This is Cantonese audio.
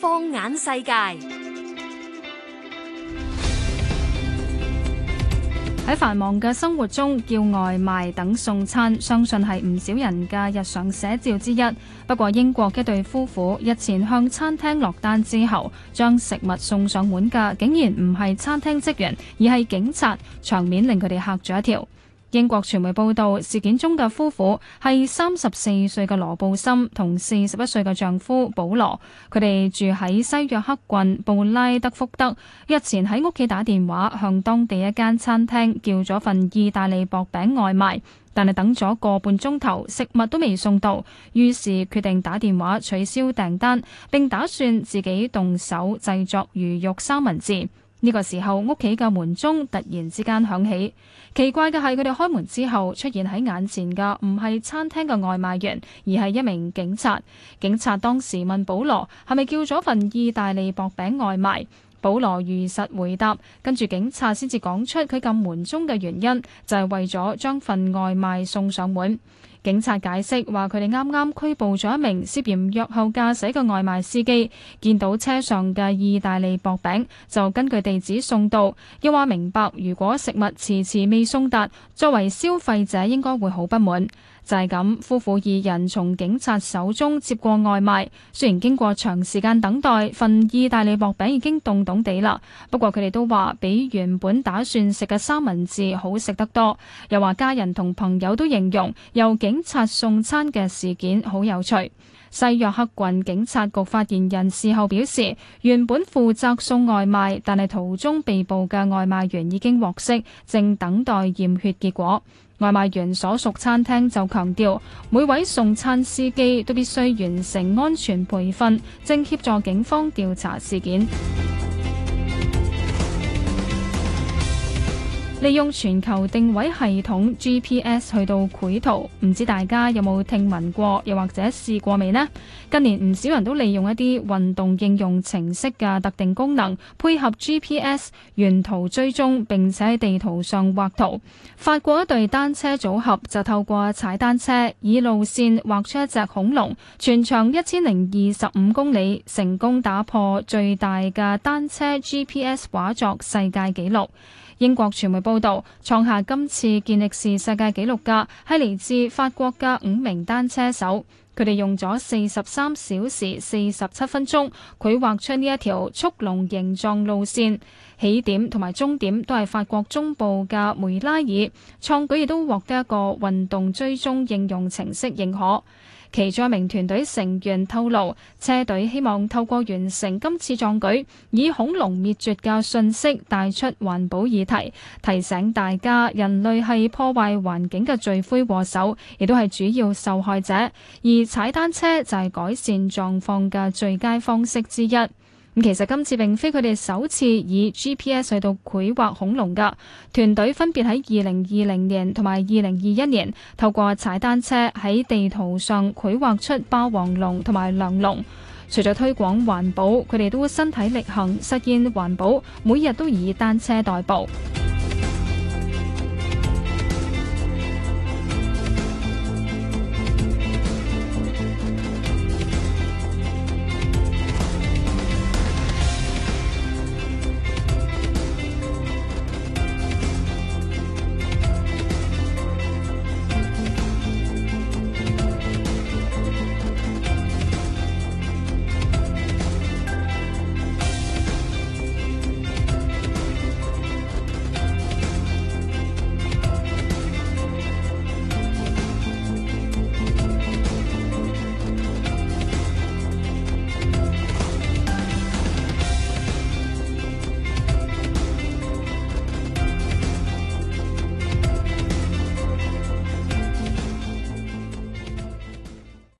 放眼世界，喺繁忙嘅生活中叫外賣等送餐，相信係唔少人嘅日常寫照之一。不過，英國一對夫婦日前向餐廳落單之後，將食物送上門嘅竟然唔係餐廳職員，而係警察，場面令佢哋吓咗一跳。英國傳媒報道，事件中嘅夫婦係三十四歲嘅羅布森同四十一歲嘅丈夫保羅，佢哋住喺西約克郡布拉德福德，日前喺屋企打電話向當地一間餐廳叫咗份意大利薄餅外賣，但係等咗個半鐘頭，食物都未送到，於是決定打電話取消訂單，並打算自己動手製作魚肉三文治。呢個時候，屋企嘅門鐘突然之間響起。奇怪嘅係，佢哋開門之後出現喺眼前嘅唔係餐廳嘅外賣員，而係一名警察。警察當時問保羅：係咪叫咗份意大利薄餅外賣？保羅如實回答，跟住警察先至講出佢撳門鐘嘅原因，就係為咗將份外賣送上門。警察解釋話：佢哋啱啱拘捕咗一名涉嫌酒後駕駛嘅外賣司機，見到車上嘅意大利薄餅就根據地址送到。又話明白，如果食物遲遲未送達，作為消費者應該會好不滿。就係咁，夫婦二人從警察手中接過外賣，雖然經過長時間等待，份意大利薄餅已經凍凍地啦。不過佢哋都話比原本打算食嘅三文治好食得多。又話家人同朋友都形容又幾。警察送餐嘅事件好有趣。西約克郡警察局發言人事後表示，原本負責送外賣，但係途中被捕嘅外賣員已經獲釋，正等待驗血結果。外賣員所屬餐廳就強調，每位送餐司機都必須完成安全培訓，正協助警方調查事件。利用全球定位系統 GPS 去到繪圖，唔知大家有冇聽聞過，又或者試過未呢？近年唔少人都利用一啲運動應用程式嘅特定功能，配合 GPS 沿途追蹤，並且喺地圖上畫圖。法國一對單車組合就透過踩單車，以路線畫出一隻恐龍，全長一千零二十五公里，成功打破最大嘅單車 GPS 畫作世界紀錄。英國傳媒報導，創下今次健力士世界紀錄嘅係嚟自法國嘅五名單車手，佢哋用咗四十三小時四十七分鐘，佢畫出呢一條速龍形狀路線，起點同埋終點都係法國中部嘅梅拉爾，創舉亦都獲得一個運動追蹤應用程式認可。其中一名團隊成員透露，車隊希望透過完成今次壯舉，以恐龍滅絕嘅訊息帶出環保議題，提醒大家人類係破壞環境嘅罪魁禍首，亦都係主要受害者。而踩單車就係改善狀況嘅最佳方式之一。咁其實今次並非佢哋首次以 GPS 隧道繪畫恐龍㗎，團隊分別喺2020年同埋2021年透過踩單車喺地圖上繪畫出霸王龍同埋梁龍。除咗推廣環保，佢哋都身體力行實現環保，每日都以單車代步。